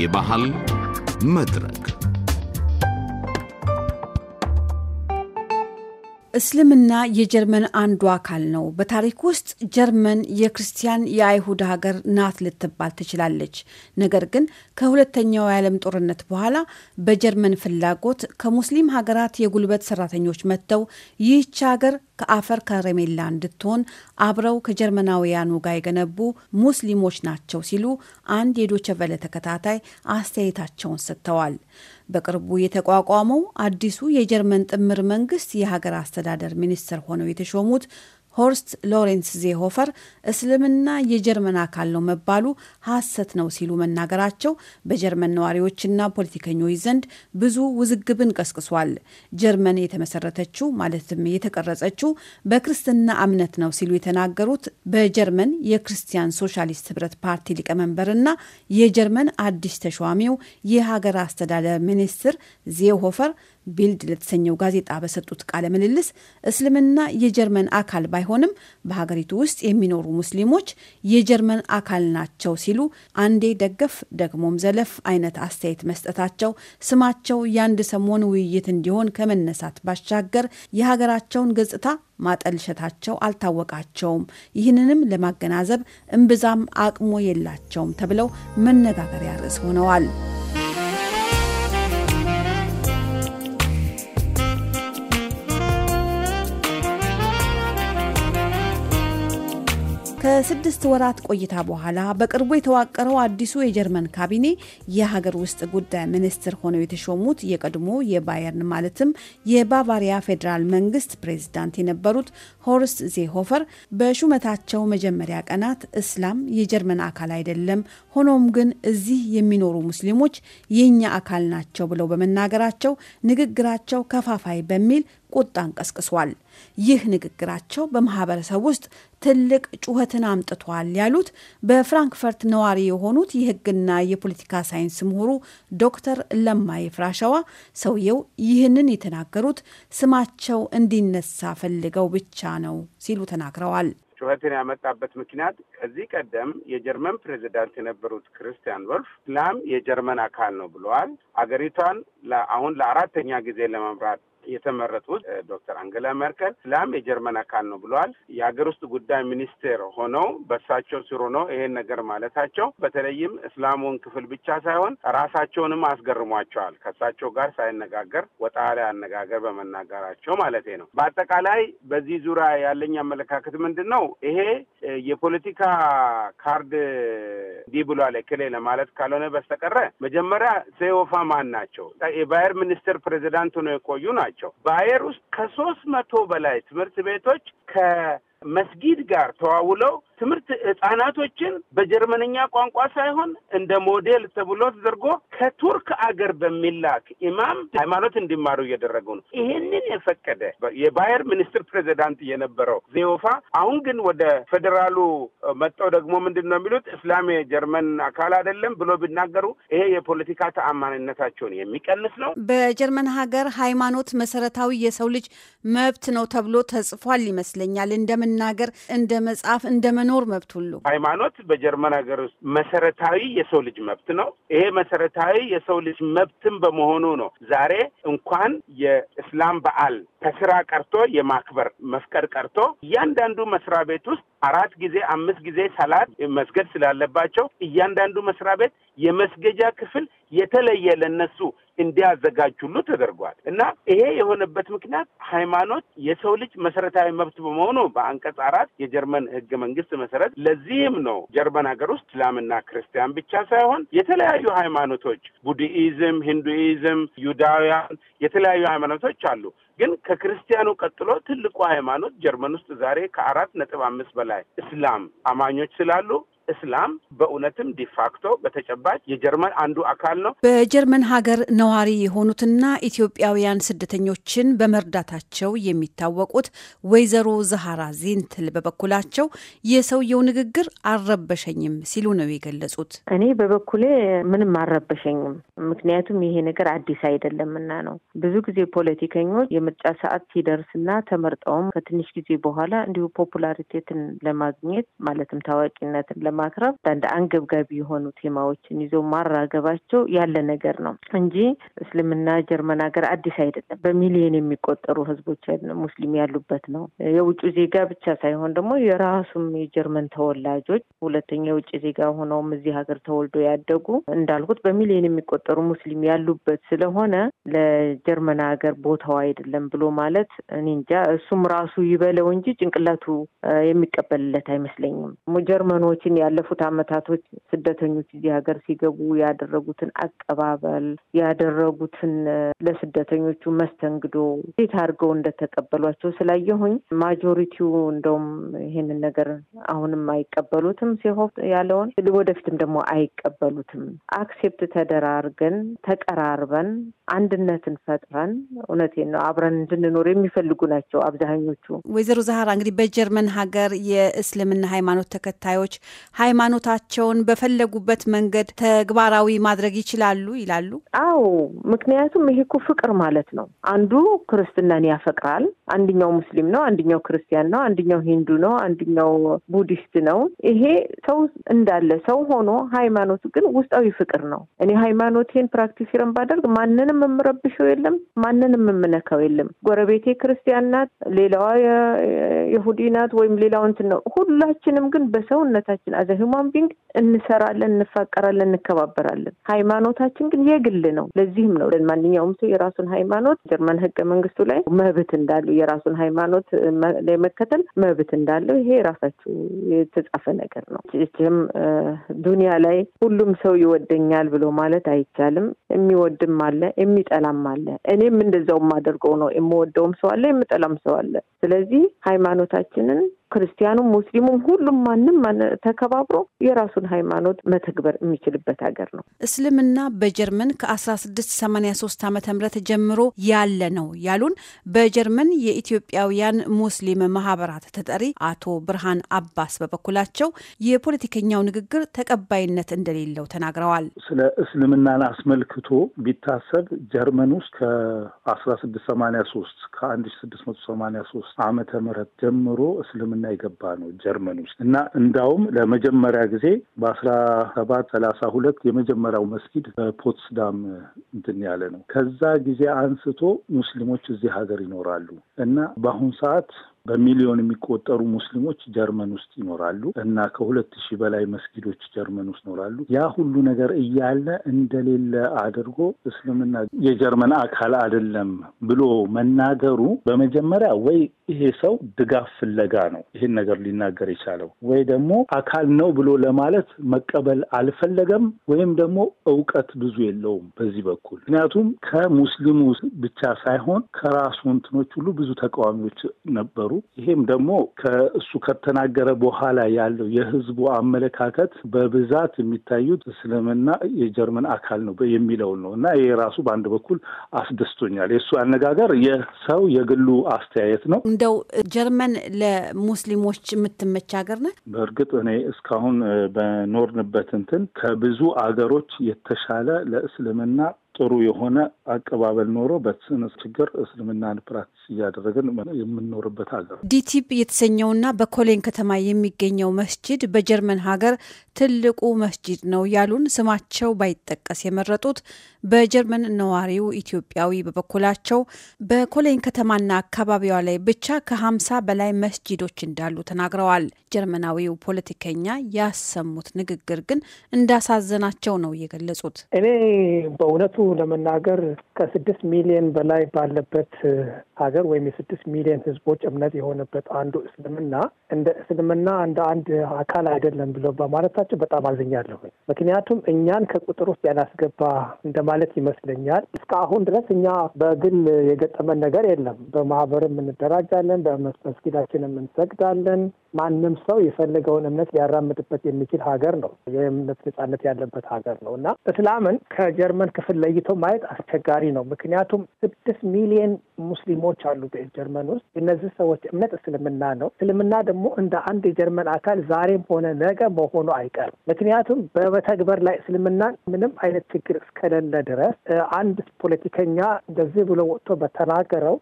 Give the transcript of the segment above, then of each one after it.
የባህል መድረክ እስልምና የጀርመን አንዱ አካል ነው። በታሪክ ውስጥ ጀርመን የክርስቲያን የአይሁድ ሀገር ናት ልትባል ትችላለች። ነገር ግን ከሁለተኛው የዓለም ጦርነት በኋላ በጀርመን ፍላጎት ከሙስሊም ሀገራት የጉልበት ሰራተኞች መጥተው ይህች ሀገር ከአፈር ከረሜላ እንድትሆን አብረው ከጀርመናውያኑ ጋር የገነቡ ሙስሊሞች ናቸው ሲሉ አንድ የዶቸቨለ ተከታታይ አስተያየታቸውን ሰጥተዋል። በቅርቡ የተቋቋመው አዲሱ የጀርመን ጥምር መንግስት የሀገር አስተዳደር ሚኒስትር ሆነው የተሾሙት ሆርስት ሎሬንስ ዜሆፈር እስልምና የጀርመን አካል ነው መባሉ ሐሰት ነው ሲሉ መናገራቸው በጀርመን ነዋሪዎችና ፖለቲከኞች ዘንድ ብዙ ውዝግብን ቀስቅሷል። ጀርመን የተመሰረተችው ማለትም የተቀረጸችው በክርስትና እምነት ነው ሲሉ የተናገሩት በጀርመን የክርስቲያን ሶሻሊስት ህብረት ፓርቲ ሊቀመንበርና የጀርመን አዲስ ተሿሚው የሀገር አስተዳደር ሚኒስትር ዜሆፈር ቢልድ ለተሰኘው ጋዜጣ በሰጡት ቃለ ምልልስ እስልምና የጀርመን አካል ባይሆንም በሀገሪቱ ውስጥ የሚኖሩ ሙስሊሞች የጀርመን አካል ናቸው ሲሉ አንዴ ደገፍ ደግሞም ዘለፍ አይነት አስተያየት መስጠታቸው ስማቸው የአንድ ሰሞን ውይይት እንዲሆን ከመነሳት ባሻገር የሀገራቸውን ገጽታ ማጠልሸታቸው አልታወቃቸውም። ይህንንም ለማገናዘብ እምብዛም አቅሞ የላቸውም ተብለው መነጋገሪያ ርዕስ ሆነዋል። ከስድስት ወራት ቆይታ በኋላ በቅርቡ የተዋቀረው አዲሱ የጀርመን ካቢኔ የሀገር ውስጥ ጉዳይ ሚኒስትር ሆነው የተሾሙት የቀድሞ የባየርን ማለትም የባቫሪያ ፌዴራል መንግስት ፕሬዚዳንት የነበሩት ሆርስት ዜሆፈር በሹመታቸው መጀመሪያ ቀናት እስላም የጀርመን አካል አይደለም፣ ሆኖም ግን እዚህ የሚኖሩ ሙስሊሞች የእኛ አካል ናቸው ብለው በመናገራቸው ንግግራቸው ከፋፋይ በሚል ቁጣን ቀስቅሷል። ይህ ንግግራቸው በማህበረሰብ ውስጥ ትልቅ ጩኸትን አምጥቷል ያሉት በፍራንክፈርት ነዋሪ የሆኑት የሕግና የፖለቲካ ሳይንስ ምሁሩ ዶክተር ለማ ይፍራሸዋ፣ ሰውየው ይህንን የተናገሩት ስማቸው እንዲነሳ ፈልገው ብቻ ነው ሲሉ ተናግረዋል። ጩኸትን ያመጣበት ምክንያት ከዚህ ቀደም የጀርመን ፕሬዚዳንት የነበሩት ክርስቲያን ወልፍ ኢስላም የጀርመን አካል ነው ብለዋል። አገሪቷን አሁን ለአራተኛ ጊዜ ለመምራት የተመረጡት ዶክተር አንገላ መርከል ላም የጀርመን አካል ነው ብለዋል። የሀገር ውስጥ ጉዳይ ሚኒስቴር ሆነው በእሳቸው ስር ሆነው ይሄን ነገር ማለታቸው በተለይም እስላሙን ክፍል ብቻ ሳይሆን ራሳቸውንም አስገርሟቸዋል። ከእሳቸው ጋር ሳይነጋገር ወጣ ያለ አነጋገር በመናገራቸው ማለት ነው። በአጠቃላይ በዚህ ዙሪያ ያለኝ አመለካከት ምንድን ነው? ይሄ የፖለቲካ ካርድ እንዲህ ብሏል ክሌ ለማለት ካልሆነ በስተቀረ መጀመሪያ ሴዮፋ ማን ናቸው? የባየር ሚኒስቴር ፕሬዚዳንት ሆነው የቆዩ ናቸው። ናቸው። በአየር ውስጥ ከሶስት መቶ በላይ ትምህርት ቤቶች ከመስጊድ ጋር ተዋውለው ትምህርት ህጻናቶችን በጀርመንኛ ቋንቋ ሳይሆን እንደ ሞዴል ተብሎ ተደርጎ ከቱርክ አገር በሚላክ ኢማም ሃይማኖት እንዲማሩ እየደረጉ ነው። ይሄንን የፈቀደ የባየር ሚኒስትር ፕሬዚዳንት የነበረው ዜዮፋ አሁን ግን ወደ ፌዴራሉ መጠው ደግሞ ምንድን ነው የሚሉት እስላም የጀርመን አካል አይደለም ብሎ ቢናገሩ ይሄ የፖለቲካ ተአማንነታቸውን የሚቀንስ ነው። በጀርመን ሀገር ሃይማኖት መሰረታዊ የሰው ልጅ መብት ነው ተብሎ ተጽፏል ይመስለኛል። እንደ መናገር፣ እንደ መጻፍ፣ እንደ መኖ የመኖር መብት ሁሉ ሃይማኖት በጀርመን ሀገር ውስጥ መሰረታዊ የሰው ልጅ መብት ነው። ይሄ መሰረታዊ የሰው ልጅ መብትም በመሆኑ ነው ዛሬ እንኳን የእስላም በዓል ከስራ ቀርቶ የማክበር መፍቀድ ቀርቶ እያንዳንዱ መስሪያ ቤት ውስጥ አራት ጊዜ አምስት ጊዜ ሰላት መስገድ ስላለባቸው እያንዳንዱ መስሪያ ቤት የመስገጃ ክፍል የተለየ ለነሱ እንዲያዘጋጁሉ ተደርጓል እና ይሄ የሆነበት ምክንያት ሃይማኖት የሰው ልጅ መሰረታዊ መብት በመሆኑ በአንቀጽ አራት የጀርመን ህገ መንግስት መሰረት ለዚህም ነው ጀርመን ሀገር ውስጥ እስላምና ክርስቲያን ብቻ ሳይሆን የተለያዩ ሃይማኖቶች ቡድኢዝም፣ ሂንዱኢዝም፣ ዩዳውያን የተለያዩ ሃይማኖቶች አሉ። ግን ከክርስቲያኑ ቀጥሎ ትልቁ ሃይማኖት ጀርመን ውስጥ ዛሬ ከአራት ነጥብ አምስት በላይ እስላም አማኞች ስላሉ እስላም በእውነትም ዲፋክቶ በተጨባጭ የጀርመን አንዱ አካል ነው። በጀርመን ሀገር ነዋሪ የሆኑትና ኢትዮጵያውያን ስደተኞችን በመርዳታቸው የሚታወቁት ወይዘሮ ዛሃራ ዚንትል በበኩላቸው የሰውየው ንግግር አልረበሸኝም ሲሉ ነው የገለጹት። እኔ በበኩሌ ምንም አልረበሸኝም፣ ምክንያቱም ይሄ ነገር አዲስ አይደለምና ነው። ብዙ ጊዜ ፖለቲከኞች የምርጫ ሰዓት ሲደርስና ተመርጠውም ከትንሽ ጊዜ በኋላ እንዲሁ ፖፑላሪቴትን ለማግኘት ማለትም ታዋቂነትን ለማ በማቅረብ አንዳንድ አንገብጋቢ የሆኑ ቴማዎችን ይዞ ማራገባቸው ያለ ነገር ነው እንጂ እስልምና ጀርመን ሀገር አዲስ አይደለም። በሚሊዮን የሚቆጠሩ ህዝቦች ሙስሊም ያሉበት ነው። የውጭ ዜጋ ብቻ ሳይሆን ደግሞ የራሱም የጀርመን ተወላጆች ሁለተኛ የውጭ ዜጋ ሆነውም እዚህ ሀገር ተወልዶ ያደጉ እንዳልኩት በሚሊዮን የሚቆጠሩ ሙስሊም ያሉበት ስለሆነ ለጀርመን ሀገር ቦታው አይደለም ብሎ ማለት እኔ እንጃ። እሱም ራሱ ይበለው እንጂ ጭንቅላቱ የሚቀበልለት አይመስለኝም። ጀርመኖችን ባለፉት አመታቶች ስደተኞች እዚህ ሀገር ሲገቡ ያደረጉትን አቀባበል ያደረጉትን ለስደተኞቹ መስተንግዶ እንዴት አድርገው እንደተቀበሏቸው ስላየሁኝ ማጆሪቲው እንደውም ይሄንን ነገር አሁንም አይቀበሉትም ሲሆን ያለውን ወደፊትም ደግሞ አይቀበሉትም። አክሴፕት ተደራርገን ተቀራርበን አንድነትን ፈጥረን እውነቴን ነው አብረን እንድንኖር የሚፈልጉ ናቸው አብዛኞቹ። ወይዘሮ ዛህራ እንግዲህ በጀርመን ሀገር የእስልምና ሃይማኖት ተከታዮች ሃይማኖታቸውን በፈለጉበት መንገድ ተግባራዊ ማድረግ ይችላሉ ይላሉ። አዎ፣ ምክንያቱም ይሄ እኮ ፍቅር ማለት ነው። አንዱ ክርስትናን ያፈቅራል፣ አንድኛው ሙስሊም ነው፣ አንድኛው ክርስቲያን ነው፣ አንድኛው ሂንዱ ነው፣ አንድኛው ቡዲስት ነው። ይሄ ሰው እንዳለ ሰው ሆኖ ሃይማኖት ግን ውስጣዊ ፍቅር ነው። እኔ ሃይማኖቴን ፕራክቲስ ረን ባደርግ ማንንም የምረብሸው የለም፣ ማንንም የምነካው የለም። ጎረቤቴ ክርስቲያን ናት፣ ሌላዋ የሁዲ ናት፣ ወይም ሌላው እንትን ነው። ሁላችንም ግን በሰውነታችን አዘ ሂውማን ቢንግ እንሰራለን፣ እንፋቀራለን፣ እንከባበራለን። ሃይማኖታችን ግን የግል ነው። ለዚህም ነው ማንኛውም ሰው የራሱን ሃይማኖት ጀርመን ህገ መንግስቱ ላይ መብት እንዳለው የራሱን ሃይማኖት መከተል መብት እንዳለው ይሄ የራሳቸው የተጻፈ ነገር ነው። ችም ዱኒያ ላይ ሁሉም ሰው ይወደኛል ብሎ ማለት አይቻልም። የሚወድም አለ፣ የሚጠላም አለ። እኔም እንደዛውም የማደርገው ነው። የምወደውም ሰው አለ፣ የምጠላም ሰው አለ። ስለዚህ ሃይማኖታችንን ክርስቲያኑም፣ ሙስሊሙም ሁሉም ማንም ተከባብሮ የራሱን ሃይማኖት መተግበር የሚችልበት ሀገር ነው። እስልምና በጀርመን ከ1683 ዓ ም ጀምሮ ያለ ነው ያሉን በጀርመን የኢትዮጵያውያን ሙስሊም ማህበራት ተጠሪ አቶ ብርሃን አባስ በበኩላቸው የፖለቲከኛው ንግግር ተቀባይነት እንደሌለው ተናግረዋል። ስለ እስልምናን አስመልክቶ ቢታሰብ ጀርመን ውስጥ ከ1683 ከ1683 ዓመተ ምህረት ጀምሮ እስልምና ሕክምና የገባ ነው ጀርመን ውስጥ እና እንዳውም ለመጀመሪያ ጊዜ በአስራ ሰባት ሰላሳ ሁለት የመጀመሪያው መስጊድ በፖትስዳም እንትን ያለ ነው። ከዛ ጊዜ አንስቶ ሙስሊሞች እዚህ ሀገር ይኖራሉ እና በአሁኑ ሰዓት በሚሊዮን የሚቆጠሩ ሙስሊሞች ጀርመን ውስጥ ይኖራሉ እና ከሁለት ሺህ በላይ መስጊዶች ጀርመን ውስጥ ይኖራሉ። ያ ሁሉ ነገር እያለ እንደሌለ አድርጎ እስልምና የጀርመን አካል አይደለም ብሎ መናገሩ በመጀመሪያ ወይ ይሄ ሰው ድጋፍ ፍለጋ ነው ይሄን ነገር ሊናገር የቻለው ወይ ደግሞ አካል ነው ብሎ ለማለት መቀበል አልፈለገም ወይም ደግሞ እውቀት ብዙ የለውም በዚህ በኩል ምክንያቱም ከሙስሊሙ ብቻ ሳይሆን ከራሱ እንትኖች ሁሉ ብዙ ተቃዋሚዎች ነበሩ ነበሩ። ይሄም ደግሞ ከእሱ ከተናገረ በኋላ ያለው የህዝቡ አመለካከት በብዛት የሚታዩት እስልምና የጀርመን አካል ነው የሚለው ነው እና ይሄ ራሱ በአንድ በኩል አስደስቶኛል። የእሱ አነጋገር የሰው የግሉ አስተያየት ነው። እንደው ጀርመን ለሙስሊሞች የምትመች ሀገር ነ በእርግጥ እኔ እስካሁን በኖርንበት እንትን ከብዙ አገሮች የተሻለ ለእስልምና ጥሩ የሆነ አቀባበል ኖሮ በስነ ችግር እስልምናን ፕራክቲስ እያደረግን የምንኖርበት ሀገር ዲቲፕ የተሰኘውና በኮሌን ከተማ የሚገኘው መስጅድ በጀርመን ሀገር ትልቁ መስጂድ ነው ያሉን ስማቸው ባይጠቀስ የመረጡት በጀርመን ነዋሪው ኢትዮጵያዊ በበኩላቸው በኮሌን ከተማና አካባቢዋ ላይ ብቻ ከ በላይ መስጂዶች እንዳሉ ተናግረዋል። ጀርመናዊው ፖለቲከኛ ያሰሙት ንግግር ግን እንዳሳዘናቸው ነው የገለጹት። እኔ በእውነቱ ለመናገር ከስድስት ሚሊዮን በላይ ባለበት ሀገር ወይም የስድስት ሚሊዮን ህዝቦች እምነት የሆነበት አንዱ እስልምና እንደ እስልምና እንደ አንድ አካል አይደለም ብሎ በማለት በመሆናቸው በጣም አዝኛለሁ። ምክንያቱም እኛን ከቁጥር ውስጥ ያላስገባ እንደማለት ይመስለኛል። አሁን ድረስ እኛ በግል የገጠመን ነገር የለም። በማህበርም እንደራጃለን፣ በመስጊዳችን እንሰግዳለን። ማንም ሰው የፈለገውን እምነት ሊያራምድበት የሚችል ሀገር ነው። የእምነት ነጻነት ያለበት ሀገር ነው እና እስላምን ከጀርመን ክፍል ለይቶ ማየት አስቸጋሪ ነው። ምክንያቱም ስድስት ሚሊዮን ሙስሊሞች አሉ በጀርመን ውስጥ። እነዚህ ሰዎች እምነት እስልምና ነው። እስልምና ደግሞ እንደ አንድ የጀርመን አካል ዛሬም ሆነ ነገ መሆኑ አይ አይቀርም። ምክንያቱም በመተግበር ላይ እስልምና ምንም አይነት ችግር እስከሌለ ድረስ አንድ ፖለቲከኛ እንደዚህ ብሎ ወጥቶ በተናገረው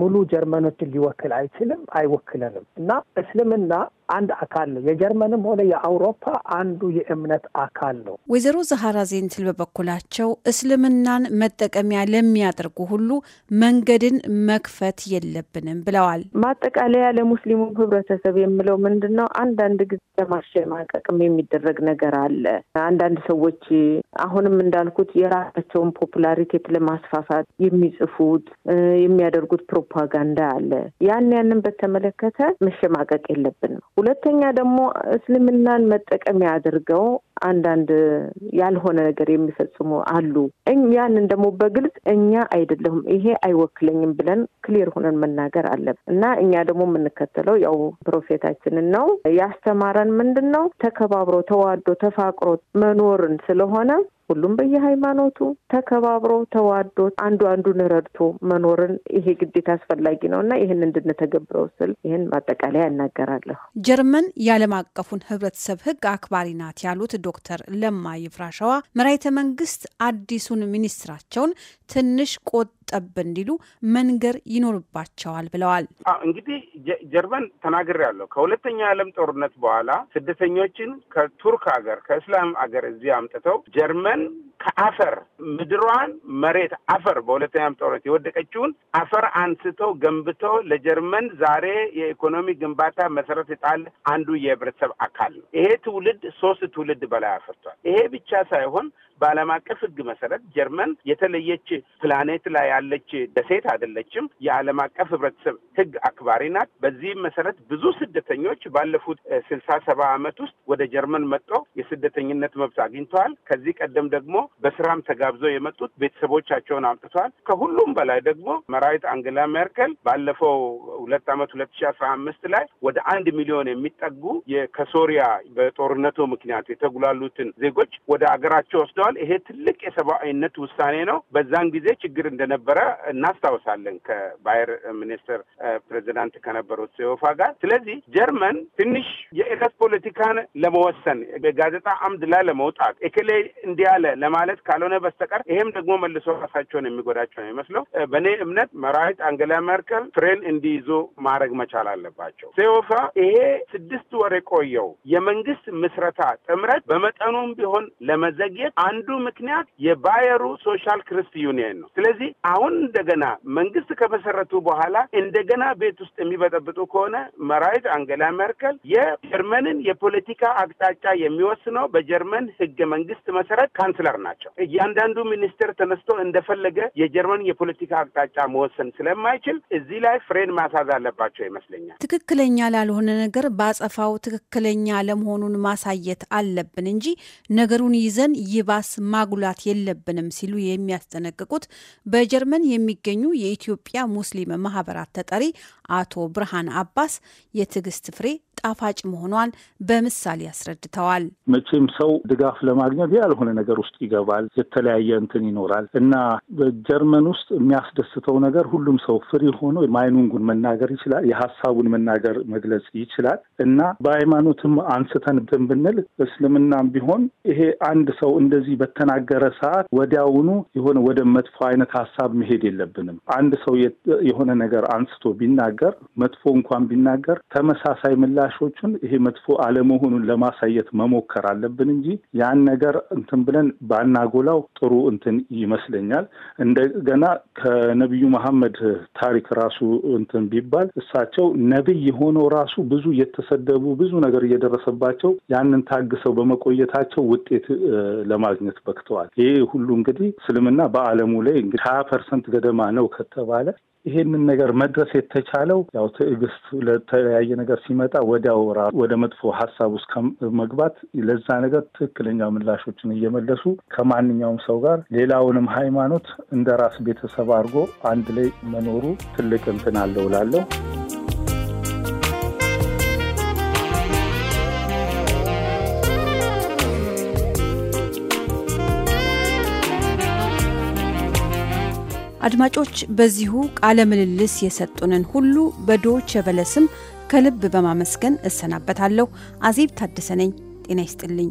ሙሉ ጀርመኖችን ሊወክል አይችልም፣ አይወክለንም እና እስልምና አንድ አካል ነው። የጀርመንም ሆነ የአውሮፓ አንዱ የእምነት አካል ነው። ወይዘሮ ዛሀራ ዜንትል በበኩላቸው እስልምናን መጠቀሚያ ለሚያደርጉ ሁሉ መንገድን መክፈት የለብንም ብለዋል። ማጠቃለያ ለሙስሊሙ ህብረተሰብ የምለው ምንድን ነው? አንዳንድ ጊዜ ለማሸማቀቅም የሚ የሚደረግ ነገር አለ። አንዳንድ ሰዎች አሁንም እንዳልኩት የራሳቸውን ፖፑላሪቴት ለማስፋፋት የሚጽፉት የሚያደርጉት ፕሮፓጋንዳ አለ። ያን ያንን በተመለከተ መሸማቀቅ የለብንም። ሁለተኛ ደግሞ እስልምናን መጠቀሚያ አድርገው አንዳንድ ያልሆነ ነገር የሚፈጽሙ አሉ። ያንን ደግሞ በግልጽ እኛ አይደለሁም ይሄ አይወክለኝም ብለን ክሊር ሆነን መናገር አለብን እና እኛ ደግሞ የምንከተለው ያው ፕሮፌታችንን ነው ያስተማረን ምንድን ነው ተከባብሮ ተዋዶ ተፋቅሮ መኖርን ስለሆነ ሁሉም በየሃይማኖቱ ተከባብሮ ተዋዶ አንዱ አንዱን ረድቶ መኖርን ይሄ ግዴታ አስፈላጊ ነው እና ይህን እንድንተገብረው ስል ይህን ማጠቃለያ እናገራለሁ። ጀርመን የዓለም አቀፉን ህብረተሰብ ህግ አክባሪ ናት ያሉት ዶክተር ለማ ይፍራሸዋ መራይተ መንግስት አዲሱን ሚኒስትራቸውን ትንሽ ቆጠብ እንዲሉ መንገር ይኖርባቸዋል ብለዋል። እንግዲህ ጀርመን ተናግር ያለው ከሁለተኛ የዓለም ጦርነት በኋላ ስደተኞችን ከቱርክ ሀገር ከእስላም ሀገር እዚህ አምጥተው ጀርመን ምድሯን ከአፈር ምድሯን መሬት አፈር በሁለተኛም ጦርነት የወደቀችውን አፈር አንስቶ ገንብቶ ለጀርመን ዛሬ የኢኮኖሚ ግንባታ መሰረት የጣለ አንዱ የህብረተሰብ አካል ነው። ይሄ ትውልድ ሶስት ትውልድ በላይ አፈርቷል። ይሄ ብቻ ሳይሆን በዓለም አቀፍ ሕግ መሰረት ጀርመን የተለየች ፕላኔት ላይ ያለች ደሴት አይደለችም። የዓለም አቀፍ ህብረተሰብ ሕግ አክባሪ ናት። በዚህም መሰረት ብዙ ስደተኞች ባለፉት ስልሳ ሰባ ዓመት ውስጥ ወደ ጀርመን መጥቶ የስደተኝነት መብት አግኝተዋል። ከዚህ ቀደም ደግሞ በስራም ተጋብዘው የመጡት ቤተሰቦቻቸውን አምጥተዋል። ከሁሉም በላይ ደግሞ መራዊት አንግላ ሜርከል ባለፈው ሁለት ዓመት ሁለት ሺ አስራ አምስት ላይ ወደ አንድ ሚሊዮን የሚጠጉ ከሶሪያ በጦርነቱ ምክንያት የተጉላሉትን ዜጎች ወደ አገራቸው ወስደ ተነስተዋል። ይሄ ትልቅ የሰብአዊነት ውሳኔ ነው። በዛን ጊዜ ችግር እንደነበረ እናስታውሳለን ከባየር ሚኒስትር ፕሬዚዳንት ከነበሩት ሴዮፋ ጋር። ስለዚህ ጀርመን ትንሽ የእለት ፖለቲካን ለመወሰን በጋዜጣ አምድ ላይ ለመውጣት እክሌ እንዲህ ለማለት ካልሆነ በስተቀር ይሄም ደግሞ መልሶ ራሳቸውን የሚጎዳቸው ነው ይመስለው። በእኔ እምነት መራዊት አንገላ መርከል ፍሬን እንዲይዙ ማድረግ መቻል አለባቸው። ሴዮፋ ይሄ ስድስት ወር የቆየው የመንግስት ምስረታ ጥምረት በመጠኑም ቢሆን ለመዘግየት አ። አንዱ ምክንያት የባየሩ ሶሻል ክርስት ዩኒየን ነው። ስለዚህ አሁን እንደገና መንግስት ከመሰረቱ በኋላ እንደገና ቤት ውስጥ የሚበጠብጡ ከሆነ መራዊት አንገላ ሜርከል የጀርመንን የፖለቲካ አቅጣጫ የሚወስነው በጀርመን ህገ መንግስት መሰረት ካንስለር ናቸው። እያንዳንዱ ሚኒስቴር ተነስቶ እንደፈለገ የጀርመን የፖለቲካ አቅጣጫ መወሰን ስለማይችል እዚህ ላይ ፍሬን ማሳዝ አለባቸው ይመስለኛል። ትክክለኛ ላልሆነ ነገር በአጸፋው ትክክለኛ ለመሆኑን ማሳየት አለብን እንጂ ነገሩን ይዘን ይባ ራስ ማጉላት የለብንም ሲሉ የሚያስጠነቅቁት በጀርመን የሚገኙ የኢትዮጵያ ሙስሊም ማህበራት ተጠሪ አቶ ብርሃን አባስ የትዕግስት ፍሬ ጣፋጭ መሆኗን በምሳሌ ያስረድተዋል። መቼም ሰው ድጋፍ ለማግኘት ያልሆነ ነገር ውስጥ ይገባል። የተለያየ እንትን ይኖራል እና በጀርመን ውስጥ የሚያስደስተው ነገር ሁሉም ሰው ፍሪ ሆኖ ማይኑንጉን መናገር ይችላል። የሀሳቡን መናገር መግለጽ ይችላል እና በሃይማኖትም አንስተን ብንል እስልምናም ቢሆን ይሄ አንድ ሰው እንደዚህ በተናገረ ሰዓት ወዲያውኑ የሆነ ወደ መጥፎ አይነት ሀሳብ መሄድ የለብንም። አንድ ሰው የሆነ ነገር አንስቶ ቢናገር መጥፎ እንኳን ቢናገር ተመሳሳይ ምላሽ ተጠቃሾቹን ይሄ መጥፎ አለመሆኑን ለማሳየት መሞከር አለብን እንጂ ያን ነገር እንትን ብለን ባናጎላው ጥሩ እንትን ይመስለኛል። እንደገና ከነቢዩ መሐመድ ታሪክ ራሱ እንትን ቢባል እሳቸው ነቢይ የሆነው ራሱ ብዙ የተሰደቡ ብዙ ነገር እየደረሰባቸው ያንን ታግሰው በመቆየታቸው ውጤት ለማግኘት በክተዋል። ይሄ ሁሉ እንግዲህ እስልምና በዓለሙ ላይ ሀያ ፐርሰንት ገደማ ነው ከተባለ ይሄንን ነገር መድረስ የተቻለው ያው ትዕግስት ለተለያየ ነገር ሲመጣ ወዲያው ወደ መጥፎ ሀሳብ ውስጥ መግባት ለዛ ነገር ትክክለኛ ምላሾችን እየመለሱ ከማንኛውም ሰው ጋር ሌላውንም ሃይማኖት እንደ ራስ ቤተሰብ አድርጎ አንድ ላይ መኖሩ ትልቅ እንትን አለው እላለሁ። አድማጮች በዚሁ ቃለ ምልልስ የሰጡንን ሁሉ በዶች የበለስም ስም ከልብ በማመስገን እሰናበታለሁ። አዜብ ታደሰ ነኝ። ጤና ይስጥልኝ።